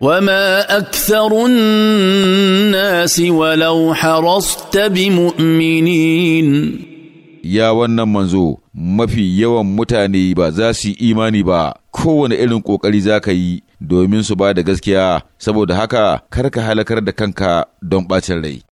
وما اكثر الناس ولو حرصت بمؤمنين ya wannan manzo mafi yawan mutane ba za su yi imani ba kowane irin ƙoƙari za ka yi domin su ba da gaskiya saboda haka kar ka halakar da kanka don ɓacin rai